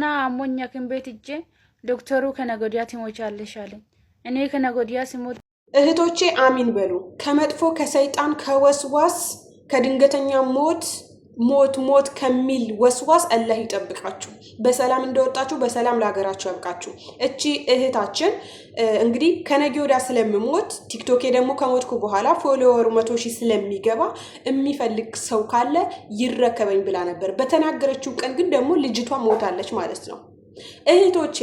እና አሞኛ ቤት እጄ ዶክተሩ ከነጎዲያ ትሞቻለሽ አለኝ። እኔ ከነጎዲያ ስሞት እህቶቼ አሚን በሉ ከመጥፎ ከሰይጣን ከወስዋስ ከድንገተኛ ሞት ሞት ሞት ከሚል ወስዋስ አላህ ይጠብቃችሁ። በሰላም እንደወጣችሁ በሰላም ለሀገራችሁ ያብቃችሁ። እቺ እህታችን እንግዲህ ከነገ ወዲያ ስለምሞት ቲክቶኬ ደግሞ ከሞትኩ በኋላ ፎሎወሩ መቶ ሺህ ስለሚገባ የሚፈልግ ሰው ካለ ይረከበኝ ብላ ነበር። በተናገረችው ቀን ግን ደግሞ ልጅቷ ሞታለች ማለት ነው። እህቶቼ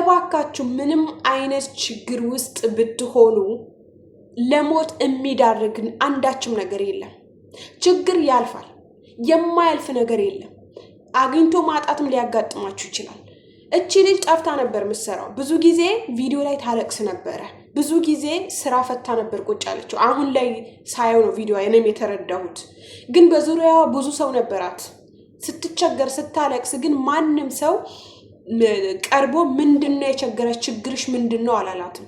እባካችሁ ምንም አይነት ችግር ውስጥ ብትሆኑ ለሞት የሚዳርግን አንዳችም ነገር የለም። ችግር ያልፋል። የማያልፍ ነገር የለም። አግኝቶ ማጣትም ሊያጋጥማችሁ ይችላል። እቺ ልጅ ጠፍታ ነበር የምትሰራው። ብዙ ጊዜ ቪዲዮ ላይ ታለቅስ ነበረ። ብዙ ጊዜ ስራ ፈታ ነበር ቁጭ ያለችው። አሁን ላይ ሳየው ነው ቪዲዮ እኔም የተረዳሁት። ግን በዙሪያዋ ብዙ ሰው ነበራት። ስትቸገር ስታለቅስ፣ ግን ማንም ሰው ቀርቦ ምንድነው የቸገረች ችግርሽ ምንድን ነው አላላትም።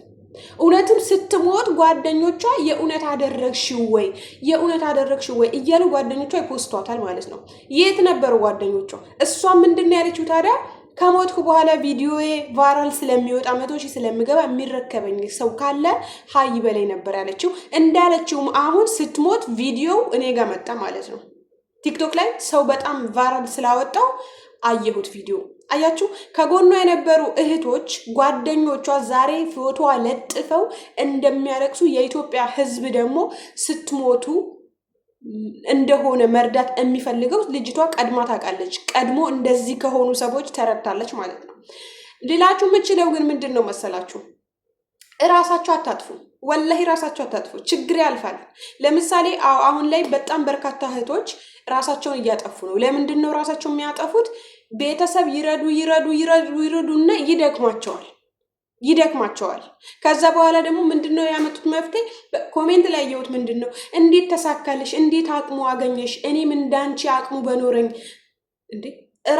እውነትም ስትሞት ጓደኞቿ የእውነት አደረግሽው ወይ የእውነት አደረግሽው ወይ እያሉ ጓደኞቿ ይፖስቷታል ማለት ነው። የት ነበሩ ጓደኞቿ? እሷ ምንድን ያለችው ታዲያ ከሞትኩ በኋላ ቪዲዮዬ ቫይራል ስለሚወጣ መቶ ሺህ ስለምገባ የሚረከበኝ ሰው ካለ ሀይ በላይ ነበር ያለችው። እንዳለችውም አሁን ስትሞት ቪዲዮው እኔ ጋር መጣ ማለት ነው። ቲክቶክ ላይ ሰው በጣም ቫይራል ስላወጣው አየሁት ቪዲዮ። አያችሁ ከጎኗ የነበሩ እህቶች ጓደኞቿ ዛሬ ፎቶዋ ለጥፈው እንደሚያለቅሱ የኢትዮጵያ ሕዝብ ደግሞ ስትሞቱ እንደሆነ መርዳት የሚፈልገው ልጅቷ ቀድማ ታውቃለች። ቀድሞ እንደዚህ ከሆኑ ሰዎች ተረድታለች ማለት ነው። ሌላችሁ የምችለው ግን ምንድን ነው መሰላችሁ ራሳቸው አታጥፉ፣ ወላሂ ራሳቸው አታጥፉ። ችግር ያልፋል። ለምሳሌ አሁን ላይ በጣም በርካታ እህቶች ራሳቸውን እያጠፉ ነው። ለምንድን ነው ራሳቸው የሚያጠፉት? ቤተሰብ ይረዱ ይረዱ ይረዱ ይረዱና ይደክማቸዋል ይደክማቸዋል። ከዛ በኋላ ደግሞ ምንድን ነው ያመጡት መፍትሄ? ኮሜንት ላይ ያየሁት ምንድን ነው እንዴት ተሳካልሽ? እንዴት አቅሙ አገኘሽ? እኔም እንዳንቺ አቅሙ በኖረኝ እንዴ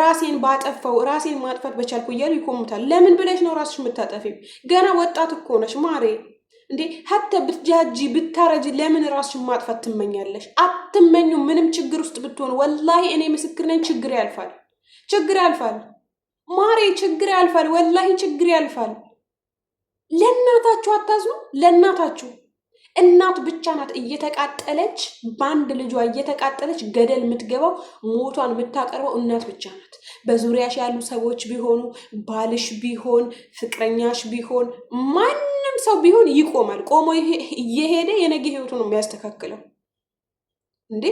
ራሴን ባጠፋው ራሴን ማጥፋት በቻልኩ እያሉ ይኮሙታል። ለምን ብለሽ ነው ራስሽ የምታጠፊው? ገና ወጣት እኮ ነሽ ማሬ። እንዴ ሀተ ብትጃጂ ብታረጂ ለምን ራስሽን ማጥፋት ትመኛለሽ? አትመኙ። ምንም ችግር ውስጥ ብትሆን ወላሂ እኔ ምስክር ነኝ። ችግር ያልፋል፣ ችግር ያልፋል ማሬ፣ ችግር ያልፋል፣ ወላሂ ችግር ያልፋል። ለእናታችሁ አታዝኑ፣ ለእናታችሁ እናት ብቻ ናት እየተቃጠለች በአንድ ልጇ እየተቃጠለች ገደል የምትገባው ሞቷን የምታቀርበው እናት ብቻ ናት። በዙሪያሽ ያሉ ሰዎች ቢሆኑ ባልሽ ቢሆን ፍቅረኛሽ ቢሆን ማንም ሰው ቢሆን ይቆማል። ቆሞ እየሄደ የነገ ህይወቱ ነው የሚያስተካክለው። እንዴ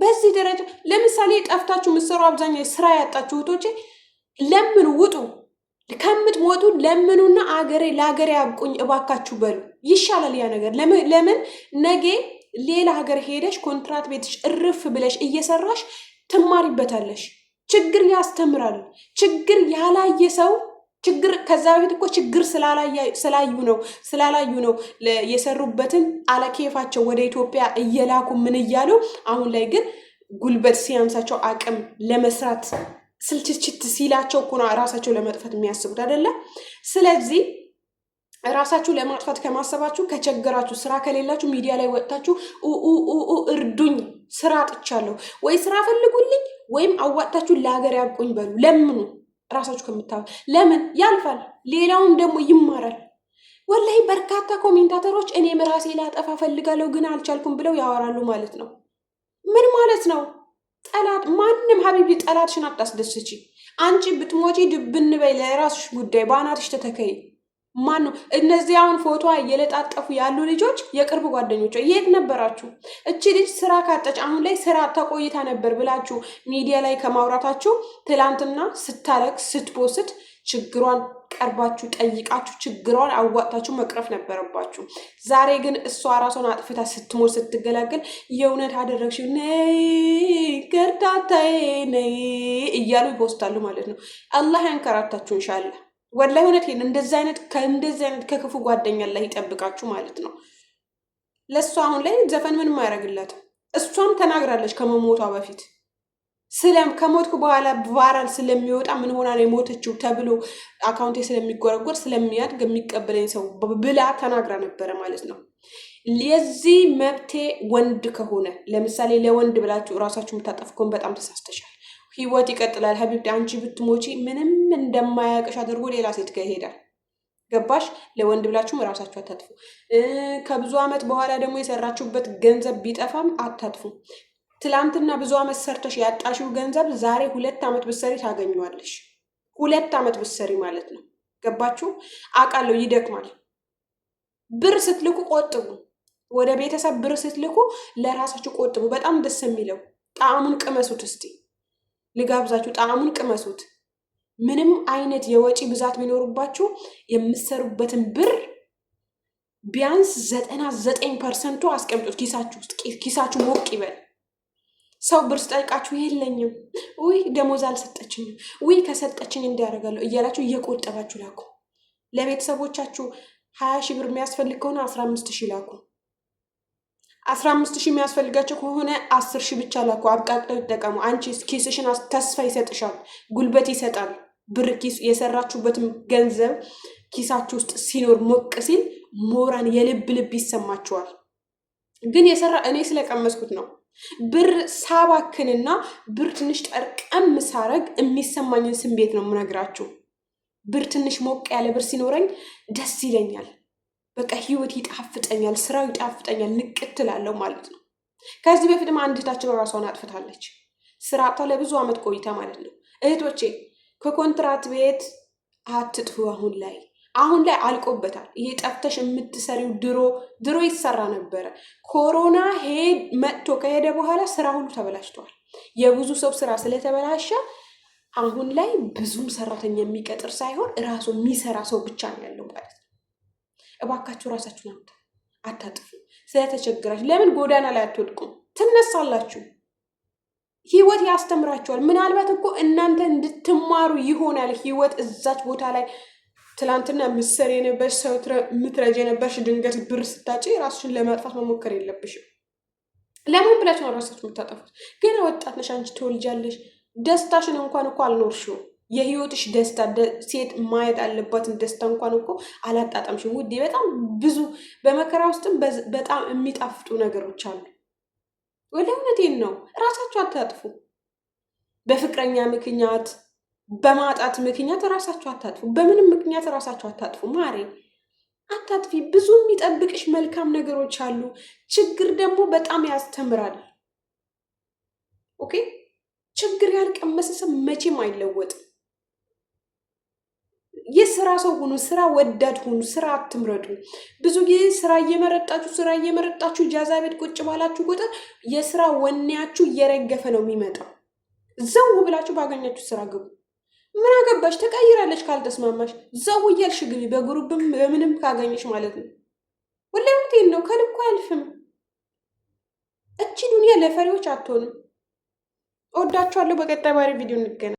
በዚህ ደረጃ ለምሳሌ ጠፍታችሁ ምሰሩ አብዛኛው ስራ ያጣችሁ እህቶቼ ለምን ውጡ ከምትሞቱ ለምኑና አገሬ ለሀገሬ ያብቁኝ እባካችሁ በሉ ይሻላል። ያ ነገር ለምን ነገ ሌላ ሀገር ሄደሽ ኮንትራት ቤትሽ እርፍ ብለሽ እየሰራሽ ትማሪበታለሽ። ችግር ያስተምራል። ችግር ያላየ ሰው ችግር ከዛ በፊት እኮ ችግር ስላዩ ነው ስላላዩ ነው የሰሩበትን አለኬፋቸው ወደ ኢትዮጵያ እየላኩ ምን እያሉ አሁን ላይ ግን ጉልበት ሲያንሳቸው አቅም ለመስራት ስልችችት ሲላቸው እኮ ነው ራሳቸው ለመጥፋት የሚያስቡት አይደለም። ስለዚህ ራሳችሁ ለማጥፋት ከማሰባችሁ ከቸገራችሁ፣ ስራ ከሌላችሁ ሚዲያ ላይ ወጥታችሁ እርዱኝ፣ ስራ አጥቻለሁ፣ ወይ ስራ ፈልጉልኝ፣ ወይም አዋጣችሁ ለሀገር ያብቁኝ በሉ፣ ለምኑ። ራሳችሁ ከምታ ለምን ያልፋል፣ ሌላውም ደግሞ ይማራል። ወላይ በርካታ ኮሜንታተሮች እኔም ራሴ ላጠፋ ፈልጋለሁ ግን አልቻልኩም ብለው ያወራሉ ማለት ነው። ምን ማለት ነው? ጠላት ማንም ሀቢቢ ጠላትሽን አታስደስች። አንቺ ብትሞጪ ድብን በይ፣ ለራስሽ ጉዳይ በአናትሽ ተተከይ። ማን ነው እነዚህ አሁን ፎቶ እየለጣጠፉ ያሉ ልጆች? የቅርብ ጓደኞች የት ነበራችሁ? እቺ ልጅ ስራ ካጠች አሁን ላይ ስራ ተቆይታ ነበር ብላችሁ ሚዲያ ላይ ከማውራታችሁ ትላንትና ስታረግ ስትፖስት ችግሯን ቀርባችሁ ጠይቃችሁ ችግሯን አዋጥታችሁ መቅረፍ ነበረባችሁ። ዛሬ ግን እሷ ራሷን አጥፍታ ስትሞት ስትገላገል የእውነት አደረግሽው ነይ ከርታታዬ ነይ እያሉ ይፖስታሉ ማለት ነው። አላህ ያንከራታችሁ እንሻላ ወላሂ እውነት ይሄን እንደዚህ አይነት ከእንደዚህ አይነት ከክፉ ጓደኛ ላይ ይጠብቃችሁ ማለት ነው። ለእሷ አሁን ላይ ዘፈን ምንም አያደርግላትም። እሷም ተናግራለች ከመሞቷ በፊት ስለም ከሞትኩ በኋላ ቫይራል ስለሚወጣ ምን ሆና ነው የሞተችው ተብሎ አካውንቴ ስለሚጎረጎር ስለሚያድግ የሚቀበለኝ ሰው ብላ ተናግራ ነበረ ማለት ነው። የዚህ መብቴ ወንድ ከሆነ ለምሳሌ ለወንድ ብላችሁ እራሳችሁ የምታጠፍ በጣም ተሳስተሻል። ህይወት ይቀጥላል። ሀቢብ አንቺ ብትሞቺ ምንም እንደማያቀሽ አድርጎ ሌላ ሴት ጋር ይሄዳል። ገባሽ? ለወንድ ብላችሁም እራሳችሁ አታጥፉ። ከብዙ ዓመት በኋላ ደግሞ የሰራችሁበት ገንዘብ ቢጠፋም አታጥፉ። ትላንትና ብዙ ዓመት ሰርተሽ ያጣሽው ገንዘብ ዛሬ ሁለት ዓመት ብሰሪ ታገኘዋለሽ። ሁለት አመት ብሰሪ ማለት ነው። ገባችሁ? አውቃለሁ ይደክማል። ብር ስትልኩ ቆጥቡ። ወደ ቤተሰብ ብር ስትልኩ ለራሳችሁ ቆጥቡ። በጣም ደስ የሚለው ጣዕሙን ቅመሱት። እስቲ ልጋብዛችሁ፣ ጣዕሙን ቅመሱት። ምንም አይነት የወጪ ብዛት ቢኖሩባችሁ የምትሰሩበትን ብር ቢያንስ ዘጠና ዘጠኝ ፐርሰንቱ አስቀምጡት ኪሳችሁ ውስጥ ኪሳችሁ ሞቅ ይበል። ሰው ብር ስጠይቃችሁ የለኝም፣ ውይ ደሞዝ አልሰጠችኝም፣ ውይ ከሰጠችኝ እንዲያደርጋለሁ እያላችሁ እየቆጠባችሁ ላኩ። ለቤተሰቦቻችሁ ሀያ ሺህ ብር የሚያስፈልግ ከሆነ አስራ አምስት ሺህ ላኩ። አስራ አምስት ሺህ የሚያስፈልጋቸው ከሆነ አስር ሺህ ብቻ ላኩ። አብቃቅተው ይጠቀሙ። አንቺ ኪስሽን ተስፋ ይሰጥሻል፣ ጉልበት ይሰጣል። ብር ኪስ የሰራችሁበትም ገንዘብ ኪሳችሁ ውስጥ ሲኖር ሞቅ ሲል ሞራን የልብ ልብ ይሰማችኋል። ግን የሰራ እኔ ስለቀመስኩት ነው ብር ሳባክንና ብር ትንሽ ጠርቀም ሳረግ የሚሰማኝን ስሜት ነው የምነግራችሁ። ብር ትንሽ ሞቅ ያለ ብር ሲኖረኝ ደስ ይለኛል። በቃ ህይወት ይጣፍጠኛል፣ ስራው ይጣፍጠኛል፣ ንቅት እላለሁ ማለት ነው። ከዚህ በፊትም አንድ እህታችን ራሷን አጥፍታለች። ስራ አጥታ ለብዙ ዓመት ቆይታ ማለት ነው። እህቶቼ ከኮንትራት ቤት አትጥፉ አሁን ላይ አሁን ላይ አልቆበታል። ይሄ ጠፍተሽ የምትሰሪው ድሮ ድሮ ይሰራ ነበረ። ኮሮና ሄድ መጥቶ ከሄደ በኋላ ስራ ሁሉ ተበላሽተዋል። የብዙ ሰው ስራ ስለተበላሸ አሁን ላይ ብዙም ሰራተኛ የሚቀጥር ሳይሆን ራሱ የሚሰራ ሰው ብቻ ነው ያለው ማለት ነው። እባካችሁ ራሳችሁን አምታ አታጥፉ። ስለተቸግራችሁ ለምን ጎዳና ላይ አትወድቁም? ትነሳላችሁ። ህይወት ያስተምራችኋል። ምናልባት እኮ እናንተ እንድትማሩ ይሆናል። ህይወት እዛች ቦታ ላይ ትላንትና ምሰር የነበርሽ ሰው ምትረጅ የነበርሽ ድንገት ብር ስታጭ ራስሽን ለማጥፋት መሞከር የለብሽም። ለምን ብላችሁ ነው ራሳችሁ የምታጠፉት? ገና ወጣት ነሽ አንቺ ትወልጃለሽ። ደስታሽን እንኳን እኮ አልኖርሽው። የህይወትሽ ደስታ ሴት ማየት አለባትን ደስታ እንኳን እኮ አላጣጣምሽም ውዴ። በጣም ብዙ በመከራ ውስጥም በጣም የሚጣፍጡ ነገሮች አሉ። ወደ እውነቴን ነው። ራሳችሁ አታጥፉ በፍቅረኛ ምክንያት በማጣት ምክንያት ራሳችሁ አታጥፉ። በምንም ምክንያት ራሳችሁ አታጥፉ። ማሬ አታጥፊ። ብዙ የሚጠብቅሽ መልካም ነገሮች አሉ። ችግር ደግሞ በጣም ያስተምራል። ኦኬ ችግር ያልቀመሰ ሰው መቼም አይለወጥም። የስራ ሰው ሁኑ፣ ስራ ወዳድ ሁኑ፣ ስራ አትምረጡ። ብዙ ጊዜ ስራ እየመረጣችሁ ስራ እየመረጣችሁ ጃዛ ቤት ቁጭ ባላችሁ ቁጥር የስራ ወኔያችሁ እየረገፈ ነው የሚመጣው። ዘው ብላችሁ ባገኛችሁ ስራ ግቡ። ምን አገባሽ? ተቀይራለች። ካልተስማማሽ ዘው እያልሽ ግቢ፣ በግሩብም በምንም ካገኘሽ ማለት ነው። ሁለምቴን ነው፣ ከልኩ አያልፍም። እቺ ዱኒያ ለፈሪዎች አትሆንም። እወዳችኋለሁ። በቀጣይ ባሪ ቪዲዮ እንገናኝ።